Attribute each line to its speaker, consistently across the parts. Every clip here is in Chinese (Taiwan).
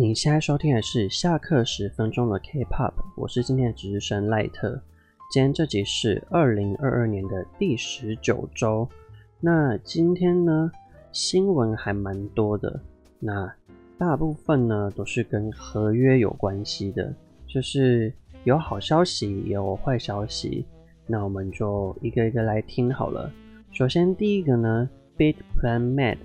Speaker 1: 你現在收聽的是下課十分鐘的 K-pop，我是今天的值日生賴特。今天這集是二零二二年的第十九周。那今天呢，新聞還蠻多的。那大部分呢都是跟合約有關係的，就是有好消息，也有壞消息。那我們就一個一個來聽好了。首先第一個呢，Big Planet Made,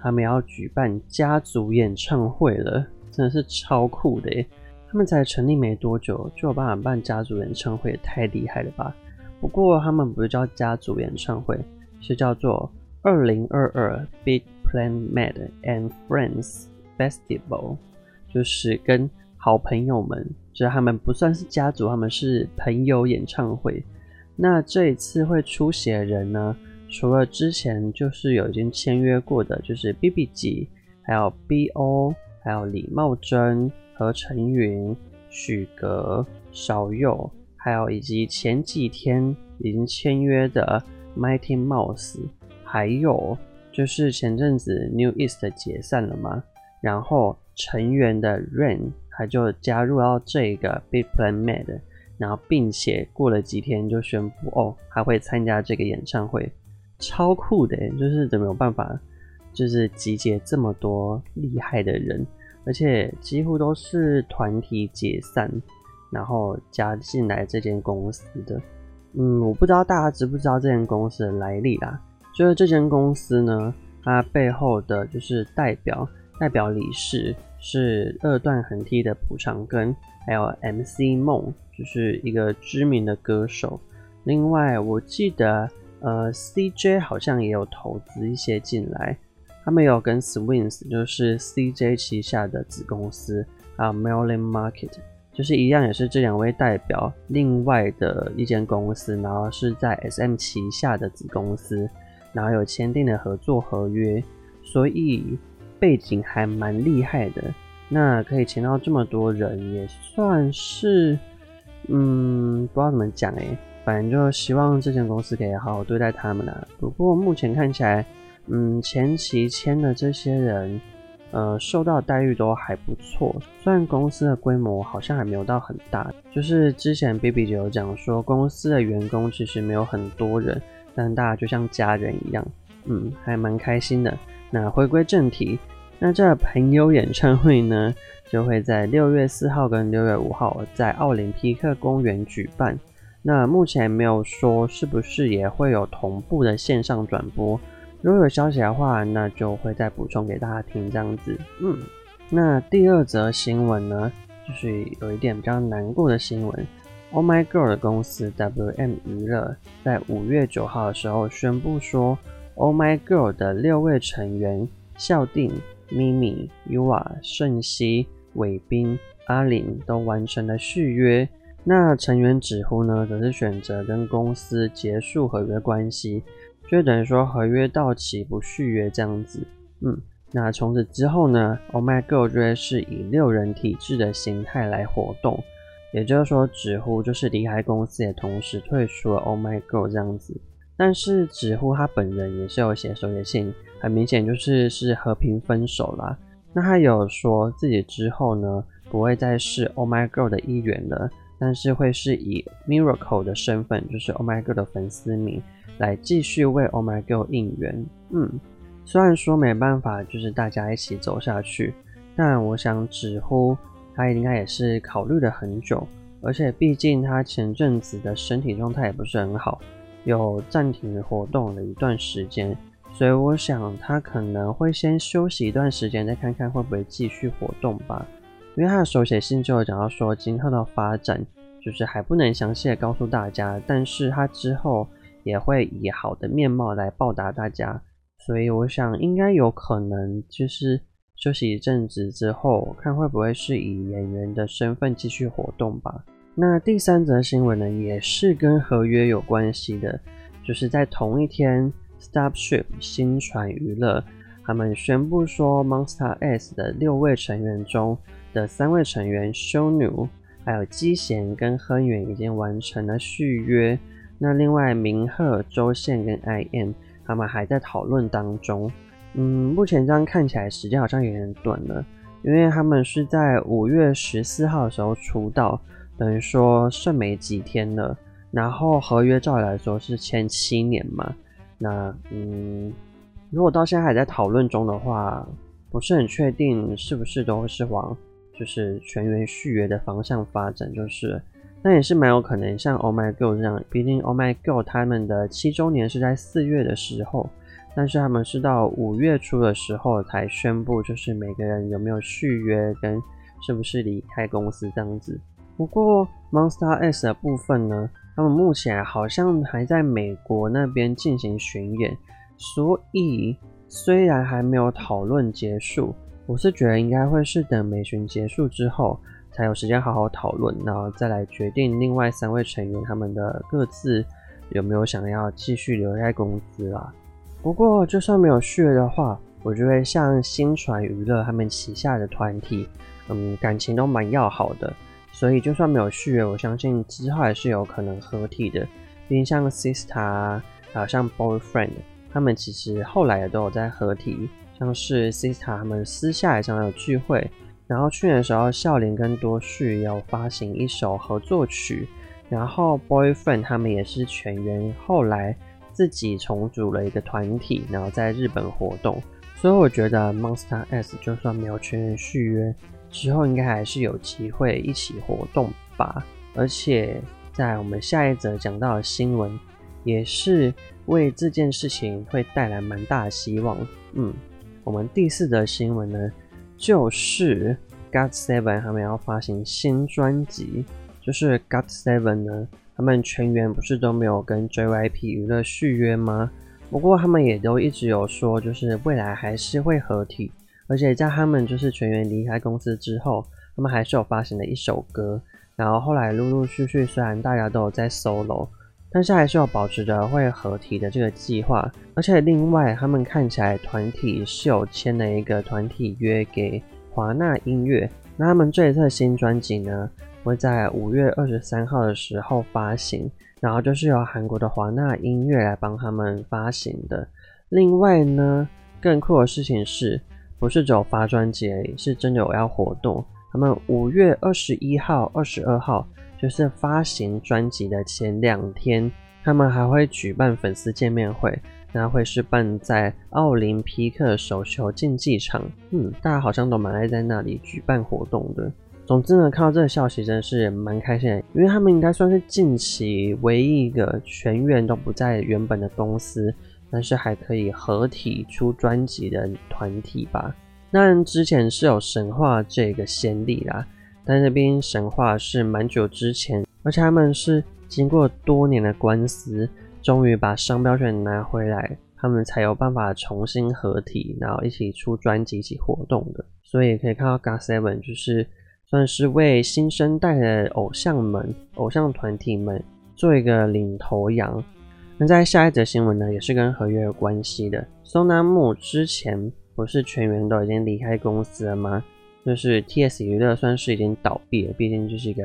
Speaker 1: 他們要舉辦家族演唱會了。真的是超酷的耶！他們才成立沒多久，就有辦法辦家族演唱會，也太厲害了吧？不過他們不是叫家族演唱會，是叫做二零二二 Big Planet and Friends Festival，就是跟好朋友們，就是他們不算是家族，他們是朋友演唱會。那這一次會出席的人呢？除了之前就是有已經簽約過的，就是 B B G，還有 B O。還有李茂珍和陳雲、許格、少佑，還有以及前幾天已經簽約的 Mighty Mouse，還有就是前陣子 New East 解散了嘛，然後成員的 Ren 他就加入到這個 Big Planet Made，然後並且過了幾天就宣布哦，他會參加這個演唱會，超酷的，就是怎麼有辦法？就是集結這麼多厲害的人，而且幾乎都是團體解散，然後加進來這間公司的。嗯，我不知道大家知不知道這間公司的來歷啦。就是這間公司呢，它背後的就是代表代表理事是二段橫踢的朴長根，還有 MC 夢，就是一個知名的歌手。另外，我記得呃，CJ 好像也有投資一些進來。他們有跟 Swings，就是 CJ 旗下的子公司，還有 Million Market，就是一樣，也是這兩位代表另外的一間公司，然後是在 SM 旗下的子公司，然後有簽訂的合作合約，所以背景還蠻厲害的。那可以簽到這麼多人，也算是，嗯，不知道怎麼講誒，反正就希望這間公司可以好好對待他們啦。不過目前看起來，嗯，前期簽的這些人，呃，受到待遇都還不錯。雖然公司的規模好像還沒有到很大，就是之前 BBG 有講說，公司的員工其實沒有很多人，但大家就像家人一樣，嗯，還蠻開心的。那回歸正題，那這朋友演唱會呢，就會在六月四號跟六月五號在奧林匹克公園舉辦。那目前沒有說是不是也會有同步的線上轉播。如果有消息的話，那就會再補充給大家聽。這樣子，嗯，那第二則新聞呢，就是有一點比較難過的新聞。Oh My Girl 的公司 WM 娛樂在五月九號的時候宣布說，Oh My Girl 的六位成員孝定、Mimi、YooA、升熙、偉斌、阿琳都完成了續約。那成員祉呼呢，則是選擇跟公司結束合約關係。就等於說合約到期不續約這樣子，嗯，那從此之後呢，Oh My Girl 就會是以六人體制的形態來活動，也就是說，祉呼就是離開公司，也同時退出了 Oh My Girl 這樣子。但是祉呼他本人也是有寫手寫信，很明顯就是是和平分手啦。那他有說自己之後呢，不會再是 Oh My Girl 的一員了，但是會是以 Miracle 的身份，就是 Oh My Girl 的粉絲名。來繼續為 Oh My Girl 應援，嗯，雖然說沒辦法，就是大家一起走下去，但我想祉呼他應該也是考慮了很久，而且畢竟他前陣子的身體狀態也不是很好，有暫停活動了一段時間，所以我想他可能會先休息一段時間，再看看會不會繼續活動吧。因為他的手寫信就有講到說，今後的發展就是還不能詳細的告訴大家，但是他之後。也會以好的面貌來報答大家，所以我想應該有可能就是休息一陣子之後，看會不會是以演員的身份繼續活動吧。那第三則新聞呢，也是跟合約有關係的，就是在同一天，Starship 新傳娛樂他們宣布說，Monsta X 的六位成員中的三位成員修努、Shownu，還有基賢跟亨元已經完成了續約。那另外，明赫、周憲跟 I M 他們還在討論當中。嗯，目前這樣看起來時間好像有點短了，因為他們是在五月十四號的時候出道，等於說剩沒幾天了。然後合約照理來說是簽七年嘛，那嗯，如果到現在還在討論中的話，不是很確定是不是都是往，就是全員續約的方向發展，就是。那也是蠻有可能像 Oh My Girl 這樣，畢竟 Oh My Girl 他們的七週年是在四月的時候，但是他們是到五月初的時候才宣布，就是每個人有沒有續約跟是不是離開公司這樣子。不過 Monsta X 的部分呢，他們目前好像還在美國那邊進行巡演，所以雖然還沒有討論結束，我是覺得應該會是等美巡結束之後。才有時間好好討論，然後再來決定另外三位成員他們的各自有沒有想要繼續留在公司啊。不過就算沒有續約的話，我覺得像星傳娛樂他們旗下的團體，嗯，感情都蠻要好的，所以就算沒有續約，我相信之後還是有可能合體的。畢竟像 Sistar 啊，還有像 Boyfriend，他們其實後來也都有在合體，像是 Sistar 他們私下也常常有聚會。然後去年的時候，孝琳跟多旭有發行一首合作曲，然後 Boyfriend 他們也是全員後來自己重組了一個團體，然後在日本活動。所以我覺得 Monsta X 就算沒有全員續約之後，應該還是有機會一起活動吧。而且在我們下一則講到的新聞，也是為這件事情會帶來蠻大的希望。嗯，我們第四則新聞呢？就是 GOT7，他們要發行新專輯。就是 GOT7 呢，他們全員不是都沒有跟 JYP 娛樂續約嗎？不過他們也都一直有說，就是未來還是會合體。而且在他們就是全員離開公司之後，他們還是有發行了一首歌。然後後來陸陸續續，雖然大家都有在 solo。但是還是要保持着會合體的這個計劃，而且另外他們看起來團體是有簽了一個團體約給華納音樂。那他們這一次的新專輯呢，會在五月二十三號的時候發行，然後就是由韓國的華納音樂來幫他們發行的。另外呢，更酷的事情是，不是只有發專輯而已，是真的有要活動，他們五月二十一號、二十二號。就是發行專輯的前兩天，他們還會舉辦粉絲見面會，那會是辦在奧林匹克手球競技場。嗯，大家好像都蠻愛在那裡舉辦活動的。總之呢，看到這個消息真是蠻開心的，因為他們應該算是近期唯一一個全員都不在原本的公司，但是還可以合體出專輯的團體吧。那之前是有神話這個先例啦。在那邊神話是蠻久之前，而且他們是經過多年的官司，終於把商標權拿回來，他們才有辦法重新合體，然後一起出專輯、一起活動的。所以可以看到 g a s 7就是算是為新生代的偶像們、偶像團體們做一個領頭羊。那在下一則新聞呢，也是跟合約有關係的。s o 木 a m 之前不是全員都已經離開公司了嗎？就是 T S 娛樂算是已經倒閉了，畢竟就是一個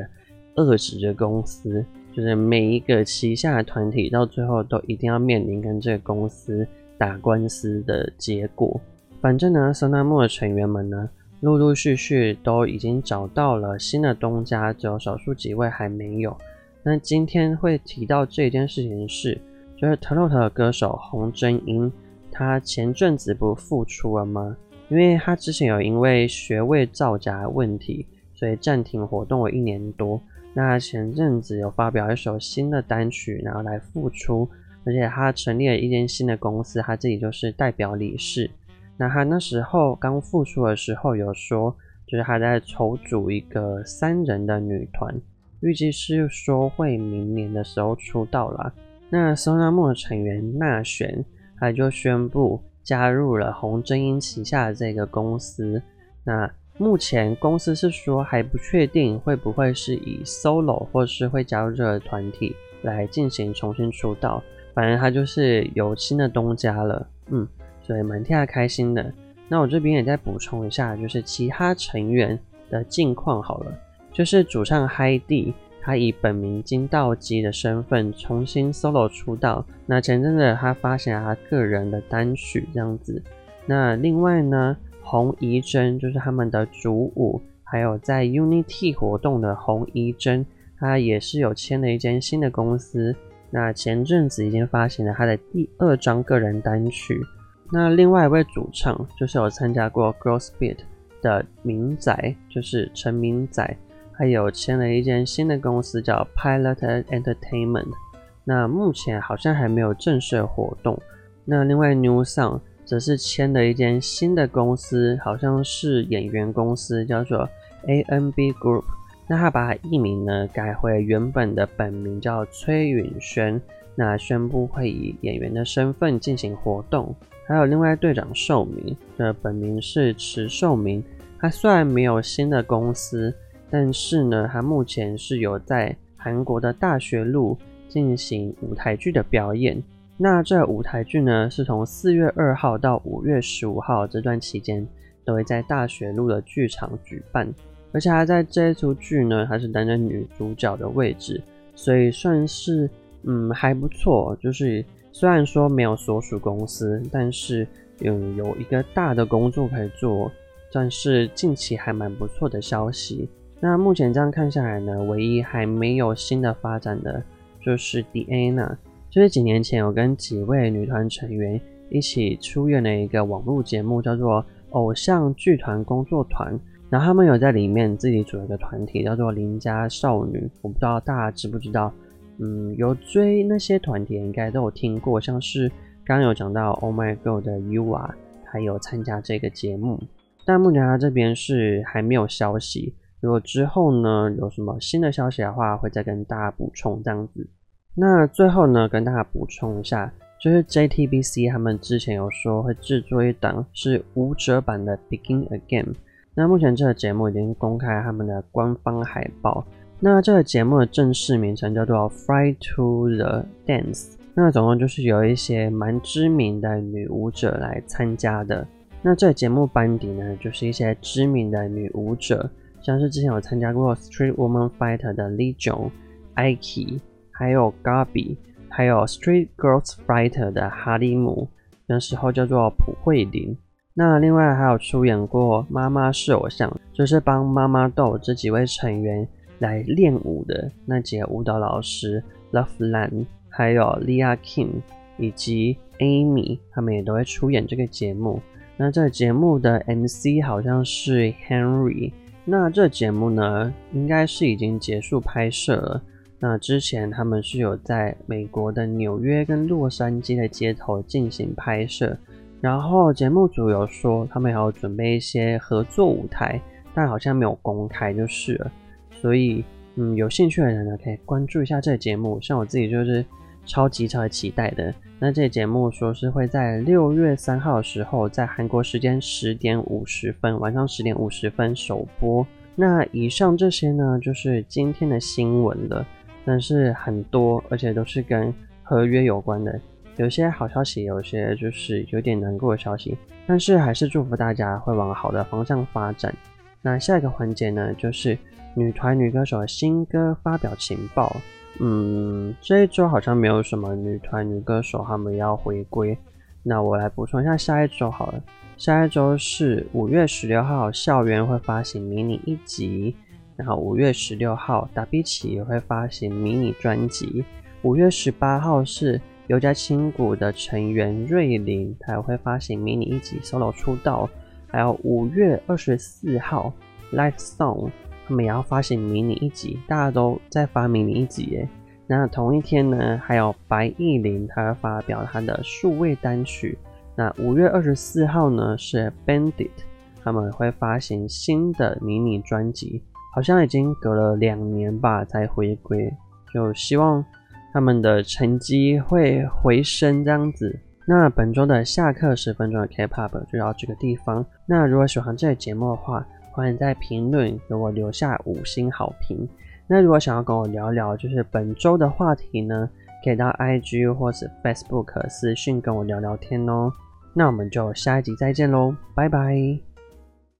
Speaker 1: 惡質的公司，就是每一個旗下的團體到最後都一定要面臨跟這個公司打官司的結果。反正呢，SONAMOO 的成員們呢，陸陸續續都已經找到了新的東家，只有少數幾位還沒有。那今天會提到這件事情是，就是 TROT 的歌手洪真英，他前陣子不復出了嗎？因為他之前有因為學位造假問題，所以暫停活動了一年多。那前陣子有發表一首新的單曲，然後來復出，而且他成立了一間新的公司，他自己就是代表理事。那他那時候剛復出的時候有說，就是他在籌組一個三人的女團，預計是說會明年的時候出道啦。那 SONAMOO 成員娜玹，他就宣布。加入了洪真英旗下的這個公司，那目前公司是說還不確定會不會是以 solo 或是會加入這個團體來進行重新出道，反正他就是有新的東家了，嗯，所以蠻替他開心的。那我這邊也再補充一下，就是其他成員的近況好了，就是主唱 Hyde。他以本名金道基的身份重新 solo 出道。那前陣子他發行了他個人的單曲，這樣子。那另外呢，洪宜珍就是他們的主舞，還有在 UNITY 活動的洪宜珍，他也是有簽了一間新的公司。那前陣子已經發行了他的第二張個人單曲。那另外一位主唱就是有參加過 Girl Spirit 的明宰，就是陳明宰。還有簽了一間新的公司，叫 Pilot Entertainment。那目前好像還沒有正式活動。那另外，New Sun 則是簽了一間新的公司，好像是演員公司，叫做 A N B Group。那他把藝名呢，改回原本的本名叫崔允軒，那宣布會以演員的身份進行活動。還有另外隊長壽民，那本名是池壽民。他雖然沒有新的公司。但是呢，他目前是有在韓國的大學路進行舞台劇的表演。那這舞台劇呢，是從四月二號到五月十五號這段期間，都會在大學路的劇場舉辦。而且他在這一出劇呢，還是擔任女主角的位置，所以算是嗯還不錯。就是雖然說沒有所屬公司，但是嗯有，有一個大的工作可以做，算是近期還蠻不錯的消息。那目前這樣看下來呢，唯一還沒有新的發展的就是 D.ana，就是幾年前我跟幾位女團成員一起出演了一個網絡節目，叫做《偶像劇團工作團》，然後他們有在裡面自己組了一個團體，叫做鄰家少女。我不知道大家知不知道，嗯，有追那些團體應該都有聽過，像是剛剛有講到 Oh My Girl 的 YooA，還有參加這個節目，但目前他這邊是還沒有消息。如果之後呢，有什麼新的消息的話，會再跟大家補充這樣子。那最後呢，跟大家補充一下，就是 JTBC 他們之前有說會製作一檔是舞者版的《Begin Again》。那目前這個節目已經公開他們的官方海報。那這個節目的正式名稱叫做《Fly To The Dance》。那總共就是有一些蠻知名的女舞者來參加的。那這個節目班底呢，就是一些知名的女舞者。像是之前有參加過《Street Woman Fighter》的 Lee Jung、Aiki，還有 Gabee，還有《Street Girls Fighter》的哈麗姆，那時候叫做朴慧琳。那另外還有出演過《媽媽是偶像》，就是幫媽媽豆這幾位成員來練舞的那幾個舞蹈老師 Loveland，還有 Lia Kim 以及 Amy，他們也都會出演這個節目。那這個節目的 MC 好像是 Henry。那這節目呢，應該是已經結束拍攝了。那之前他們是有在美國的紐約跟洛杉磯的街頭進行拍攝，然後節目組有說他們還要準備一些合作舞台，但好像沒有公開就是了。所以，嗯，有興趣的人呢，可以關注一下這節目。像我自己就是。超級超級期待的！那這節目說是會在六月三號的時候，在韓國時間十點五十分，晚上十點五十分首播。那以上這些呢，就是今天的新聞了，但是很多，而且都是跟合約有關的。有些好消息，有些就是有點難過的消息。但是還是祝福大家會往好的方向發展。那下一個環節呢，就是女團女歌手的新歌發表情報。嗯，這一周好像沒有什麼女團、女歌手他們要回歸。那我來補充一下下一周好了。下一周是五月十六號，校園會發行迷你一輯，然後五月十六號達比奇也會發行迷你專輯。五月十八號是尤佳清谷的成員瑞林，他也會發行迷你一輯 solo 出道。還有五月二十四號，live song。他們也要發行迷你一輯，大家都在發迷你一輯耶。那同一天呢，還有白藝潾他發表他的數位單曲。那五月二十四號呢，是 Bandit，他們會發行新的迷你專輯，好像已經隔了兩年吧才回歸，就希望他們的成績會回升這樣子。那本周的下課十分鐘的 K-pop 就到這個地方。那如果喜歡這個節目的話，歡迎在評論給我留下五星好評。那如果想要跟我聊聊，就是本周的話題呢，可以到 IG 或是 Facebook 或私訊跟我聊聊天哦。那我們就下一集再見嘍，拜拜。